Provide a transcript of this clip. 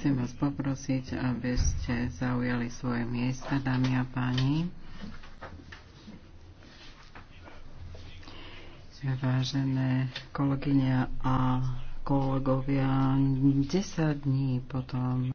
Chcem vás poprosiť, aby ste zaujali svoje miesta, dámy a páni. Vážené kolegyne a kolegovia, 10 dní potom